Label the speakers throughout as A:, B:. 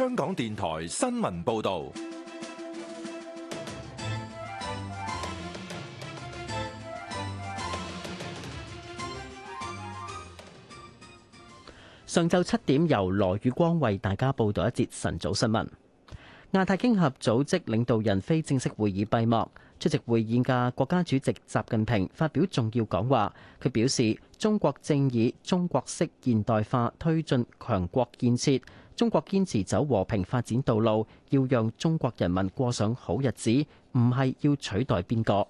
A: 香港電台新聞報道。
B: 上晝七點，由羅宇光為大家報道一節晨早新聞。亞太經合組織領導人非正式會議閉幕，出席會議嘅國家主席習近平發表重要講話。佢表示，中國正以中國式現代化推進強國建設。中國堅持走和平發展道路，要讓中國人民過上好日子，唔係要取代邊個。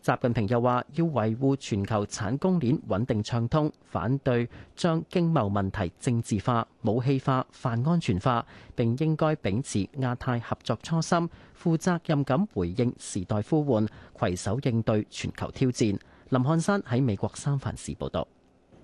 B: 習近平又話：要維護全球產供鏈穩定暢通，反對將經貿問題政治化、武器化、泛安全化。並應該秉持亞太合作初心，負責任咁回應時代呼喚，攜手應對全球挑戰。林漢山喺美國三藩市報道。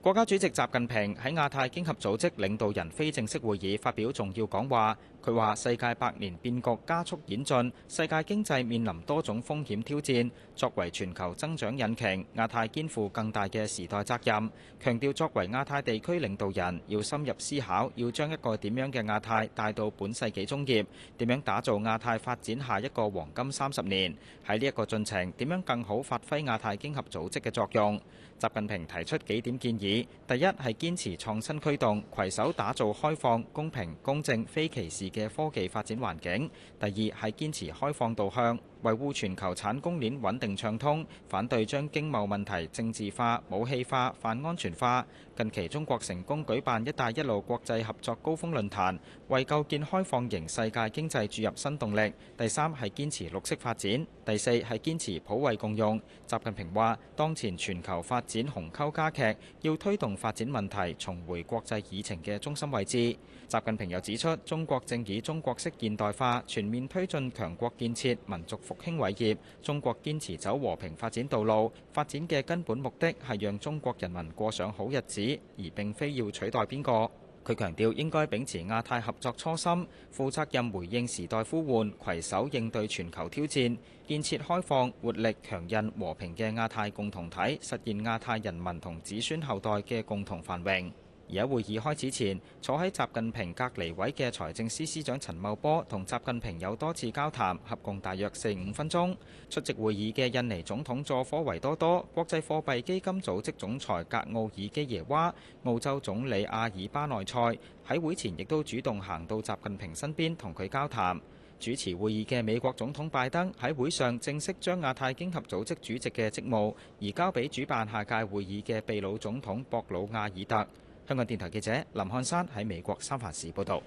C: 國家主席習近平喺亞太經合組織領導人非正式會議發表重要講話。佢話：世界百年變局加速演進，世界經濟面臨多種風險挑戰。作為全球增長引擎，亞太肩負更大嘅時代責任。強調作為亞太地區領導人，要深入思考，要將一個點樣嘅亞太帶到本世紀中葉。點樣打造亞太發展下一個黃金三十年？喺呢一個進程，點樣更好發揮亞太經合組織嘅作用？習近平提出幾點建議。第一係堅持創新驅動，攜手打造開放、公平、公正、非歧視嘅科技發展環境；第二係堅持開放導向。維護全球產供鏈穩定暢通，反對將經貿問題政治化、武器化、泛安全化。近期中國成功舉辦「一帶一路」國際合作高峰論壇，為構建開放型世界經濟注入新動力。第三係堅持綠色發展，第四係堅持普惠共用。習近平話：當前全球發展鴻溝加劇，要推動發展問題重回國際議程嘅中心位置。習近平又指出，中國正以中國式現代化全面推進強國建設、民族復興偉業，中國堅持走和平發展道路，發展嘅根本目的係讓中國人民過上好日子，而並非要取代邊個。佢強調應該秉持亞太合作初心，負責任回應時代呼喚，攜手應對全球挑戰，建設開放、活力、強韌、和平嘅亞太共同體，實現亞太人民同子孫後代嘅共同繁榮。而喺會議開始前，坐喺習近平隔離位嘅財政司司長陳茂波同習近平有多次交談，合共大約四五分鐘。出席會議嘅印尼總統佐科維多多、國際貨幣基金組織總裁格奧爾基耶娃、澳洲總理阿爾巴內塞喺會前亦都主動行到習近平身邊同佢交談。主持會議嘅美國總統拜登喺會上正式將亞太經合組織主席嘅職務移交俾主辦下屆會議嘅秘魯總統博魯亞爾特。香港電台記者林漢山喺美國三藩市報道，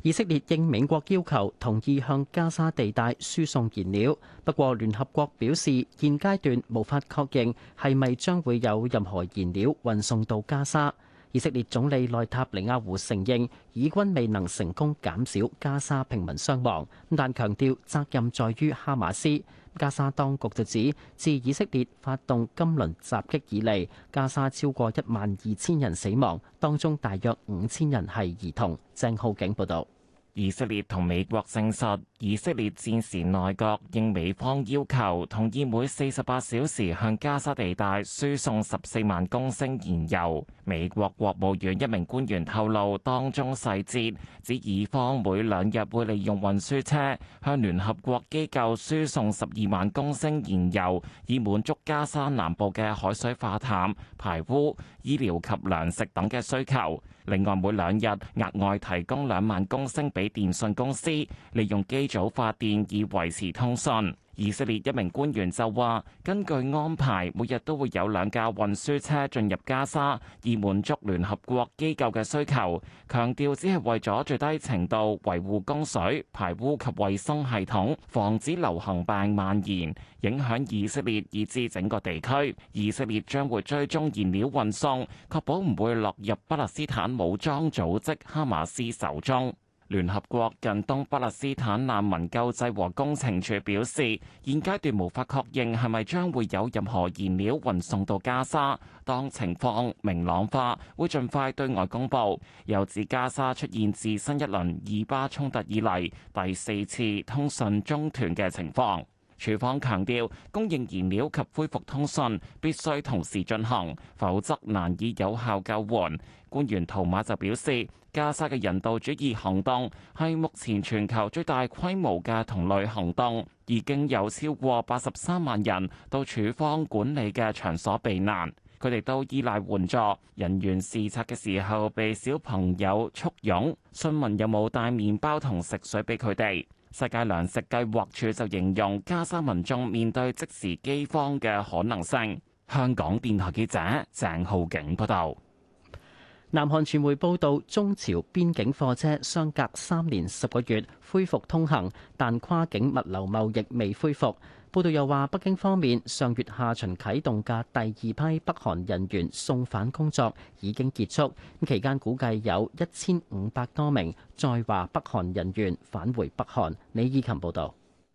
B: 以色列應美國要求同意向加沙地帶輸送燃料，不過聯合國表示現階段無法確認係咪將會有任何燃料運送到加沙。以色列總理內塔尼亞胡承認以軍未能成功減少加沙平民傷亡，但強調責任在於哈馬斯。加沙當局就指，自以色列發動今輪襲擊以嚟，加沙超過一萬
D: 二千人死亡，當中大約五千人係兒童。鄭浩景報導。以色列同美國證實。以色列戰時內閣應美方要求，同意每四十八小時向加沙地帶輸送十四萬公升燃油。美國國務院一名官員透露當中細節，指以方每兩日會利用運輸車向聯合國機構輸送十二萬公升燃油，以滿足加沙南部嘅海水化淡、排污、醫療及糧食等嘅需求。另外每兩日額外提供兩萬公升俾電信公司，利用基早發電以維持通訊。以色列一名官員就話，根據安排，每日都會有兩架運輸車進入加沙，以滿足聯合國機構嘅需求。強調只係為咗最低程度維護供水、排污及衛生系統，防止流行病蔓延，影響以色列以至整個地區。以色列將會追蹤燃料運送，確保唔會落入巴勒斯坦武裝組織哈馬斯手中。聯合國近東巴勒斯坦難民救濟和工程處表示，現階段無法確認係咪將會有任何燃料運送到加沙。當情況明朗化，會盡快對外公佈。又指加沙出現自新一輪以巴衝突以嚟第四次通訊中斷嘅情況。處方強調，供應燃料及恢復通訊必須同時進行，否則難以有效救援。官員圖馬就表示，加沙嘅人道主義行動係目前全球最大規模嘅同類行動，已經有超過八十三萬人到處方管理嘅場所避難。佢哋都依賴援助人員視察嘅時候被小朋友簇擁，詢問有冇帶麵包同食水俾佢哋。世界糧食計劃署就形容加沙民眾面對即時饑荒嘅可能性。香港電台記者鄭浩景報道。南韓傳媒報道，中朝邊境貨車相隔三年
B: 十個月恢復通行，但跨境物流貿易未恢復。報道又話，北京方面上月下旬啓動嘅第二批北韓人員送返工作已經結束，咁期間估計有一千五百多名在華北韓人員返回北韓。李以琴報導。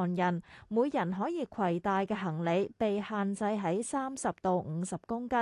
E: 韓人每人可以攜帶嘅行李被限制喺三十到五十公斤。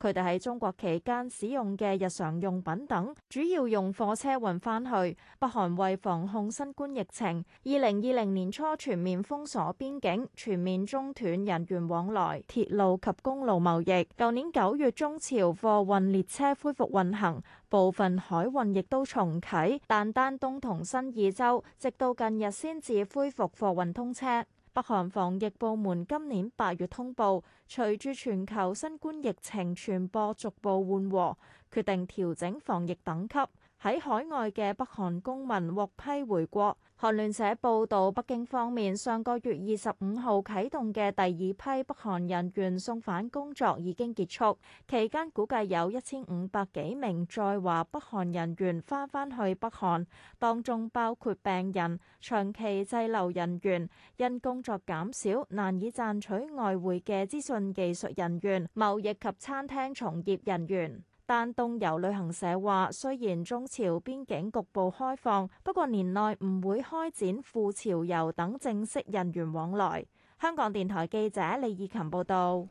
E: 佢哋喺中國期間使用嘅日常用品等，主要用貨車運翻去。北韓為防控新冠疫情，二零二零年初全面封鎖邊境，全面中斷人員往來、鐵路及公路貿易。舊年九月，中朝貨運列車恢復運行。部分海運亦都重啟，但丹東同新義州直到近日先至恢復貨運通車。北韓防疫部門今年八月通報，隨住全球新冠疫情傳播逐步緩和，決定調整防疫等級。喺海外嘅北韓公民獲批回國。韓聯社報道，北京方面上個月二十五號啓動嘅第二批北韓人員送返工作已經結束，期間估計有一千五百幾名在華北韓人員翻返去北韓，當中包括病人、長期滯留人員、因工作減少難以賺取外匯嘅資訊技術人員、貿易及餐廳從業人員。但東遊旅行社話，雖然中朝邊境局部開放，不過年內唔會開展赴朝遊等正式人員往來。香港電台記者李以琴報道。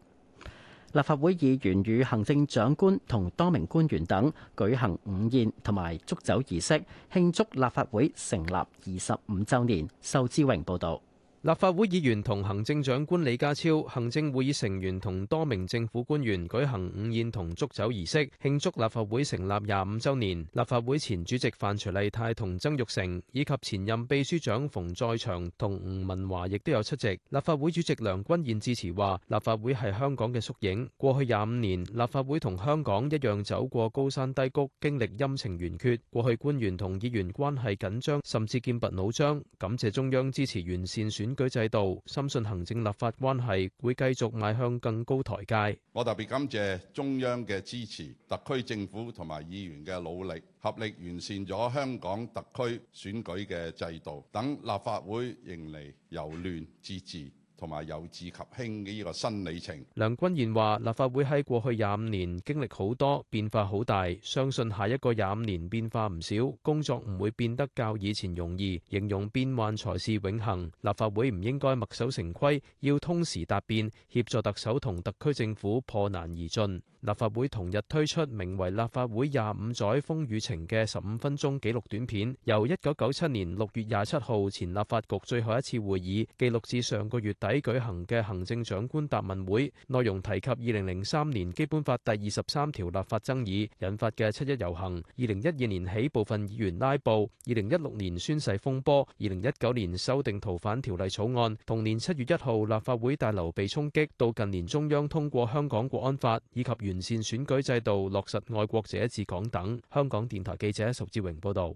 B: 立法會議員與行政長官同多名官員等舉行午宴同埋祝酒儀式，慶祝立法會成立
A: 二十五週年。仇之榮報道。立法會議員同行政長官李家超、行政會議成員同多名政府官員舉行午宴同祝酒儀式，慶祝立法會成立廿五週年。立法會前主席范徐麗泰同曾鈺成以及前任秘書長馮載祥同吳文華亦都有出席。立法會主席梁君彥致辭話：立法會係香港嘅縮影。過去廿五年，立法會同香港一樣走過高山低谷，經歷陰晴圓缺。過去官員同議員關係緊張，甚至劍拔弩張。感謝中央支持完善選舉舉制度，深信行政立法關係會繼續邁向更高台階。
C: 我特別感謝中央嘅支持，特區政府同埋議員嘅努力，合力完善咗香港特區選舉嘅制度，等立法會迎嚟由亂至治。同埋有志及興嘅呢個新里程。
A: 梁君彥話：立法會喺過去廿五年經歷好多變化，好大，相信下一個廿五年變化唔少，工作唔會變得較以前容易。形容變幻才是永恆。立法會唔應該墨守成規，要通時達變，協助特首同特區政府破難而進。立法會同日推出名為《立法會廿五載風雨情》嘅十五分鐘紀錄短片，由一九九七年六月廿七號前立法局最後一次會議記錄至上個月底舉行嘅行政長官答問會，內容提及二零零三年基本法第二十三條立法爭議引發嘅七一遊行、二零一二年起部分議員拉布、二零一六年宣誓風波、二零一九年修訂逃犯條例草案、同年七月一號立法會大樓被衝擊，到近年中央通過香港國安法以及原完善選舉制度，落實愛國者治港等。香港電台記者仇志榮報導。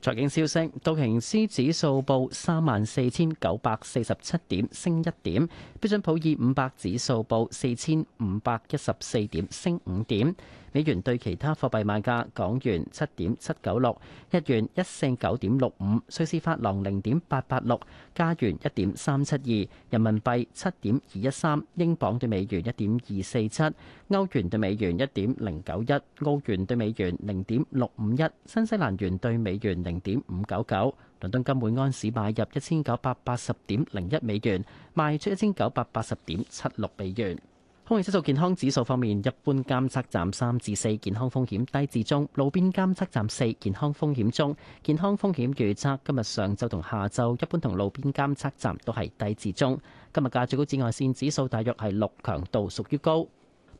A: 財經消
B: 息：道瓊斯指數報三萬四千九百四十七點，升一點；標準普爾五百指數報四千五百一十四點，升五點。美元對其他貨幣買價：港元七點七九六，日元一四九點六五，瑞士法郎零點八八六，加元一點三七二，人民幣七點二一三，英鎊對美元一點二四七，歐元對美元一點零九一，澳元對美元零點六五一，新西蘭元對美元。零點五九九，99，倫敦金每安士買入一千九百八十點零一美元，賣出一千九百八十點七六美元。空氣質素健康指數方面，一般監測站三至四，健康風險低至中；路邊監測站四，健康風險中。健康風險預測今日上晝同下晝，一般同路邊監測站都係低至中。今日嘅最高紫外線指數大約係六，強度屬於高。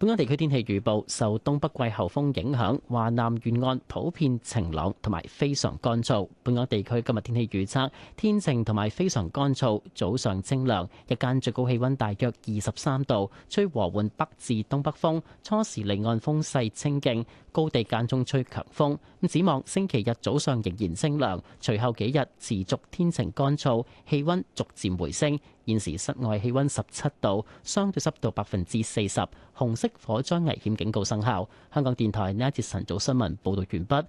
B: 本港地區天氣預報，受東北季候風影響，華南沿岸普遍晴朗同埋非常乾燥。本港地區今日天氣預測，天晴同埋非常乾燥，早上清涼，日間最高氣溫大約二十三度，吹和緩北至東北風，初時離岸風勢清勁。高地間中吹強風，咁展望星期日早上仍然清涼，隨後幾日持續天晴乾燥，氣温逐漸回升。現時室外氣温十七度，相對濕度百分之四十，紅色火災危險警告生效。香港電台呢一節晨早新聞報道完畢。